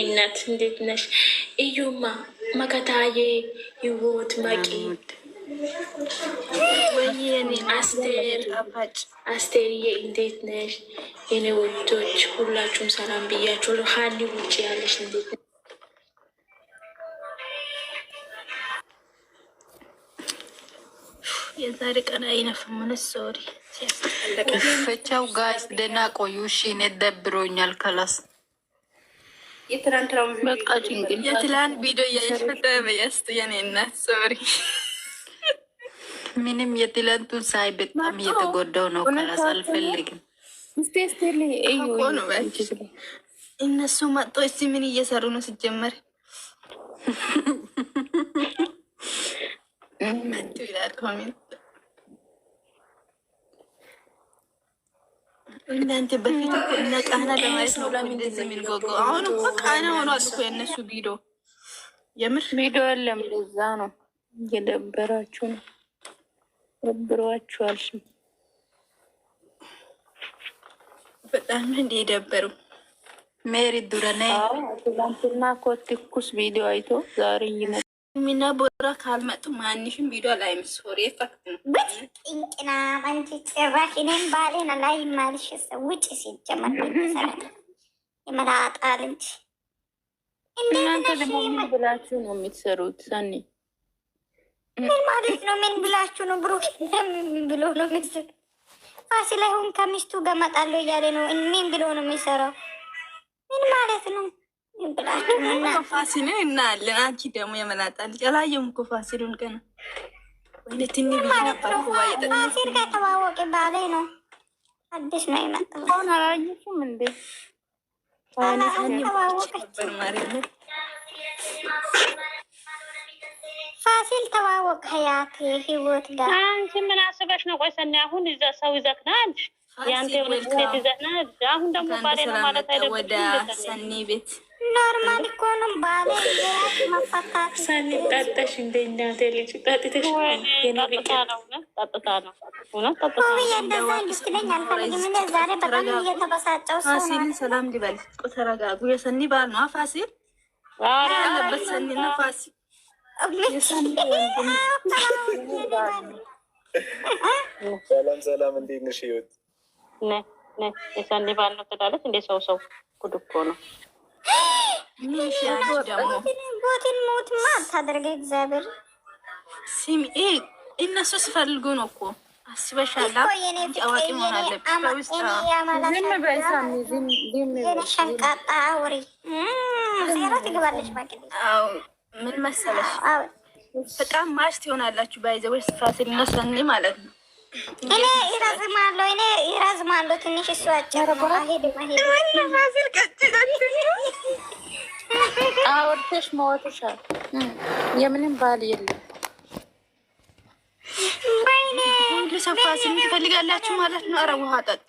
እናት እንዴት ነሽ? እዩማ መከታዬ ይወት መቂ ወይኔ አስቴር አባጭ አስቴርዬ እንዴት ነሽ? የኔ ውዶች ሁላችሁም ሰላም ብያችሁ። ሀሊ ውጭ ያለሽ እንዴት ነሽ? የዛሬ ቀን አይነፍምን ሶሪ ፈቻው ጋይስ ደና ቆዩ። እሺ እኔ ደብሮኛል ከላስ የትናንትናው በቃ የትላንት ቪዲዮ እያየሽ በያስት የኔ እናት ሶሪ፣ ምንም የትላንቱን ሳይ በጣም እየተጎዳው ነው። ከራስ አልፈልግም። እነሱ መጥቶ እስቲ ምን እየሰሩ ነው? ሲጀመር መጡ ይላል ኮሜንት እናንተ በፊት እኮ እነ ቃና ለማለት ነው ለምንድን የሚጓጓው? አሁን እኮ ቃና ሆኗል እኮ የእነሱ ቪዲዮ። የምር ቪዲዮ የለም። ለዛ ነው እየደበራችሁ ነው፣ ደብሯችኋል። በጣም እንደ የደበሩ ሜሪ ዱረና ትላንትና እኮ ትኩስ ቪዲዮ አይቶ ዛሬ ይነ ሚና ቦራ ካልመጡ ማንሽም ቪዲዮ ላይ ምስሆር ፈክት ነው ጭንቅና አንቺ ጭራሽ እኔም ባሌን ላይ ማልሽ ውጭ ሲጀመር ይመላጣል እንጂ እናንተ ደግሞ ምን ብላችሁ ነው የምትሰሩት? ሰኒ ምን ማለት ነው? ምን ብላችሁ ነው? ብሩ ብሎ ነው ምስል ፋሲ ላይ ሁን ከሚስቱ ገመጣለሁ እያለ ነው። ምን ብሎ ነው የሚሰራው? ምን ማለት ነው? ፋሲልን እናያለን። አንቺ ደግሞ የመላጣ ልጅ አላየሁም እኮ ፋሲሉን ገና ፋሲል ነው። አዲስ ነው የመጣው። አላየሽም እንዴ? ፋሲል ተዋወቅ ሀያት ህይወት ጋር አንቺ ምን አስበሽ ነው? ቆይ ሰኔ አሁን እዛ ሰው አሁን ደግሞ ባሌ ነው ማለት አይደለም። ወደ ሰኔ ቤት ኖርማል እኮ ነው። ባለ መፈታት ሳንጣጣሽ እንደ እናቴ ልጅ ጣጥተሽ ሰላም ሊበል ተረጋጉ። የሰኒ ባል ነው ፋሲል ያለበት ሰኒና ፋሲል ሰላም ሰላም፣ እንዴት ነሽ? ህይወት የሰኒ ባል ነው ትላለች። እንደ ሰው ሰው ጉድ እኮ ነው። ቦቴን ሞትማ አታደርገኝ። እግዚአብሔር ስሚ፣ እነሱ ስፈልጉ ነው እኮ አስበሻል። አዋቂ ምን መሰለሽ፣ በጣም ማች ትሆናላችሁ። ባይዘ ወይ ስፋት እነሱ ማለት ነው እኔ ይረዝማለሁ እኔ ይረዝማለሁ ትንሽ እሱ አጭር ነው። አውርተሽ መወጡሻል። የምንም ባል የለም። ሰፋ ስም ትፈልጋላችሁ ማለት ነው። አረ ውሃ ጠጡ።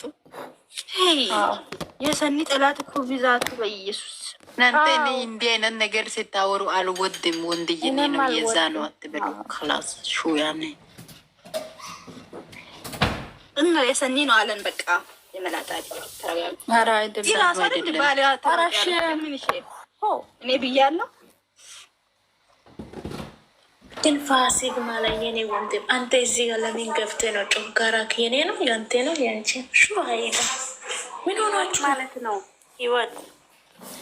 የሰኒ ጠላት እኮ ብዛቱ በኢየሱስ እናንተ እኔ እንዲህ አይነት ነገር ስታወሩ አልወድም። ወንድዬ ነው የዛ ነው አትበሉ። ክላስ ሹያኔ እና የሰኒ ነው አለን። በቃ እኔ ብያለሁ። ግን ፋሲግ ማለት የኔ ወንድም አንተ እዚህ ጋር ለምን ገብተህ ነው? ጮጋራክ የኔ ነው ያንተ ነው ያንቺ ምን ሆናችሁ ማለት ነው? ህይወት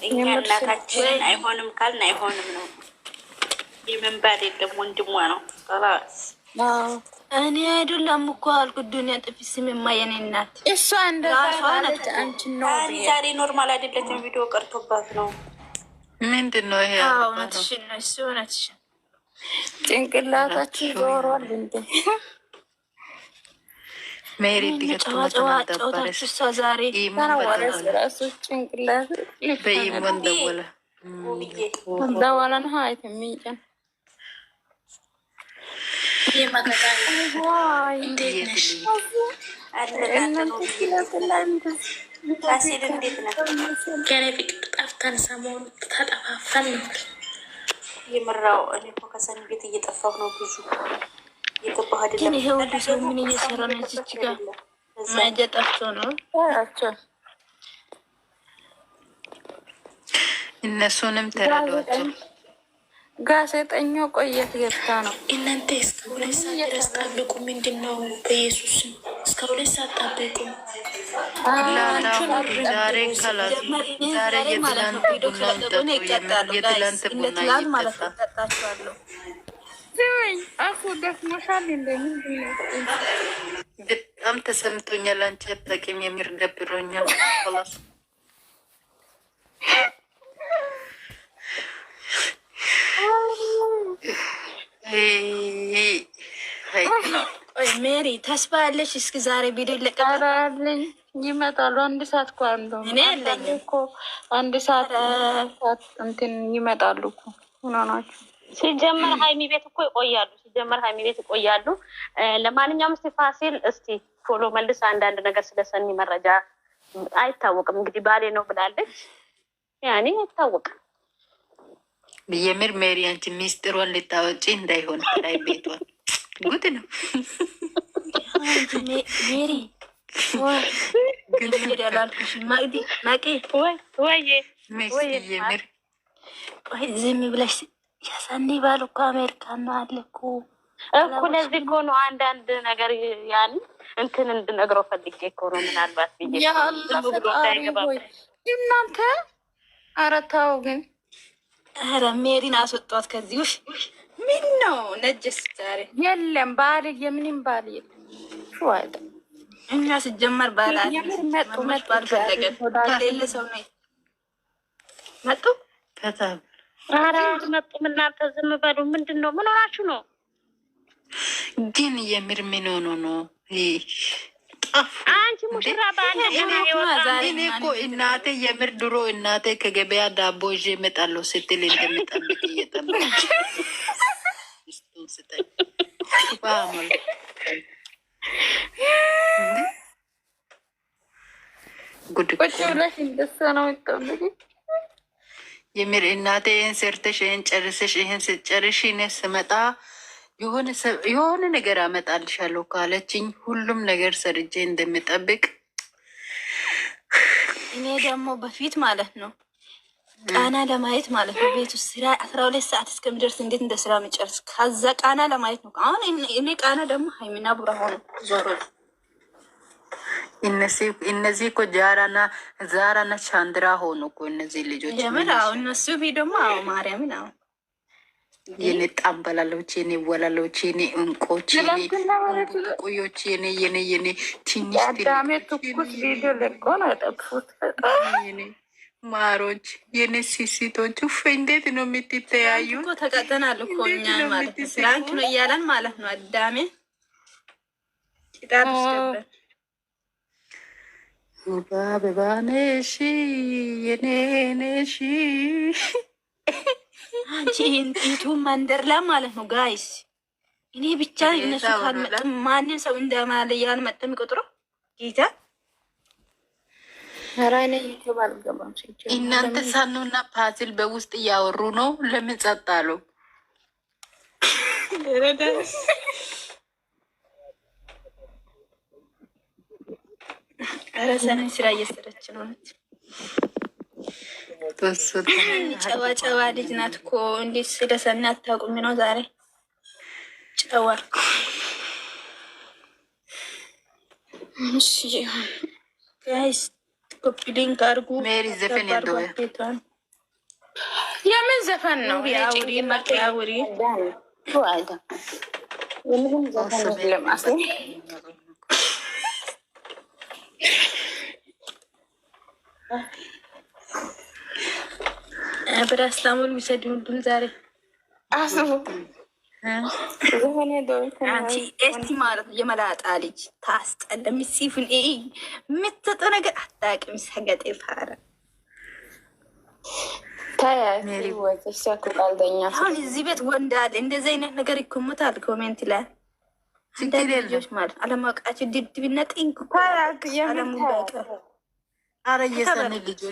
እኛ እናታችን አይሆንም ካልን አይሆንም ነው። የመንባድ የለም ወንድሟ ነው። እኔ አይደለም እኮ አልኩ። ዱኒያ ጥፊ ስም የማየኔ እናት እሷ እንደዛለች። አንቺ ነው ዛሬ ኖርማል አይደለችም። ቪዲዮ ቀርቶባት ነው። ምንድን ነው ይሄ? እውነትሽን ነው። እሱ እውነትሽን ጭንቅላታችን ዞሯል እንዴ ሜሪ ዛሬ ራሱ ጭንቅላት ከእኔ ፍቅር ጠፍተን ሰሞኑን ተጠፋፈን ነው የምራው። እኔ እኮ ከሰኒ ቤት እየጠፋሁ ነው ብዙ የገባህ አይደለም። ይሄ ሁሉ ሰው ምን እየሰራ ነው? እዚች ጋር መሄጃ ጠፍቶ ነው እነሱንም ተረዷቸው። ጋዜጠኛው ቆየት ጌታ ነው። እናንተ እስከ ሁለት ሰዓት ድረስ ጠብቁ። ምንድን ነው በኢየሱስ እስከ ሁለት ሰዓት ጠብቁ። በጣም ተሰምቶኛል። አንቺ አታውቂም። የሚር ደብሮኛል ሜሪ ተስፋ ያለሽ? እስኪ ዛሬ ቪዲዮ ይለቀቃልኝ ይመጣሉ። አንድ ሰዓት እኮ አንዱ እኔ ያለኝ እኮ አንድ ሰዓት እንትን ይመጣሉ እኮ ሆኖ ሲጀመር ሀይሚ ቤት እኮ ይቆያሉ። ሲጀመር ሀይሚ ቤት ይቆያሉ። ለማንኛውም እስቲ ፋሲል እስቲ ቶሎ መልስ አንዳንድ ነገር ስለሰኒ መረጃ አይታወቅም። እንግዲህ ባሌ ነው ብላለች። ያኔ አይታወቅም የምር ሜሪ አንቺ ሚስጥሯን ልታወጪ እንዳይሆን ላይ ቤቷ ጉድ ነው። ሜሪ የምር ዝም ብለሽ ያሳኔ ባል እኮ አሜሪካ ነው አለ እኮ እኮ ለዚህ እኮ ነው አንዳንድ ነገር ያን እንትን እንድነግረው ፈልጌ እኮ ነው። ምናልባት ብዬ እናንተ አረታው ግን ኧረ ሜሪን አስወጧት ከዚህ ውሽ። ምን ነው ነጀስ ዛሬ የለም ባል የምንም ባል የለም። እኛ ስጀመር ባል ሰው ነው መጡ ኧረ አልመጡም። እናንተ ዝም በሉ። ምንድን ነው ምን ሆናችሁ ነው? ግን የምር ምን ሆኖ ነው? አንቺ ሙሽራ እኔ እኮ እናቴ የምር ድሮ እናቴ ከገበያ ዳቦ ይዤ እመጣለሁ ስትል እንደምጠብቅ የምር እናቴ ይህን ሰርተሽ ይህን ጨርሰሽ ይህን ስጨርሽ ስመጣ የሆነ ነገር አመጣልሻለሁ ካለችኝ ሁሉም ነገር ሰርጄ እንደምጠብቅ እኔ ደግሞ በፊት ማለት ነው ቃና ለማየት ማለት ነው ቤቱ ስራ አስራ ሁለት ሰዓት እስከሚደርስ እንዴት እንደ ስራ መጨርስ ከዛ ቃና ለማየት ነው። አሁን እኔ ቃና ደግሞ ሀይሚና ቡራ ሆኑ ዞሮ እነዚህ እኮ ጃራና ዛራና ቻንድራ ሆኑ እኮ እነዚህ ልጆች ምን እነሱ ደግሞ ማርያምን አሁን የኔ ጣምበላለች የኔ ወላሎች፣ የኔ እንቆች ቆዮች የኔ የኔ የኔ ትንሽ ማሮች የኔ ሲሲቶች ፍ እንዴት ነው የምትተያዩ? ተቀጠናል እኮ እኛ ማለት ላንክ ነው እያለን ማለት ነው። አዳሜ ጣ ባበባ ባበባነሽ የኔ ነሽ አንቺ እንቱ መንደርላ ማለት ነው ጋይስ። እኔ ብቻ እነሱ ካልመጥም ማንም ሰው እንደማለያ አልመጥም ይቆጥሮ ጌታ እናንተ ሳኑና ፓዝል በውስጥ እያወሩ ነው። ለምን ጸጥ አሉ? ኧረ ስራ እየሰረች ነው። ጨዋ ጨዋ ልጅ ናት እኮ እንዴት ስለሰና አታውቁም ነው? ዛሬ ጨዋ ጋይስ ኮፒሊንክ አርጉ። ሜሪ ዘፈን የምን ዘፈን ነው? ያውሪ ያውሪ ዘፈን ብር አስላሙን የሚሰድ ሁሉም ዛሬ አስቡ። እስቲ ማለት ነው የመላጣ ልጅ ታስጠለ የሚጽፉን ይ የምትጠ ነገር አታውቅም። ሰገጤ ፋረ አሁን እዚህ ቤት ወንድ አለ እንደዚህ አይነት ነገር ይኮሙታል። ኮሜንት ላይ ልጆች ማለት አለማወቃቸው ድድብና ጥንቅ አለሙ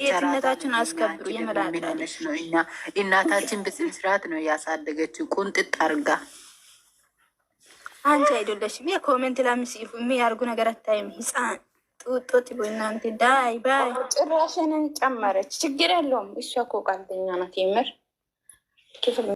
የትነታችን አስከብሩ የመላለች ነው። እና እናታችን በስነ ነው ያሳደገችው፣ ቁንጥጥ አርጋ። አንቺ አይደለሽም የኮሜንት ላምስፉ የሚያርጉ ነገር አታይም። ህፃን ጡጦት ቦ እናንተ ዳይ ባይ ጭራሽንን ጨመረች። ችግር የለውም እሷ እኮ ቃልተኛ ናት። የምር ክፍል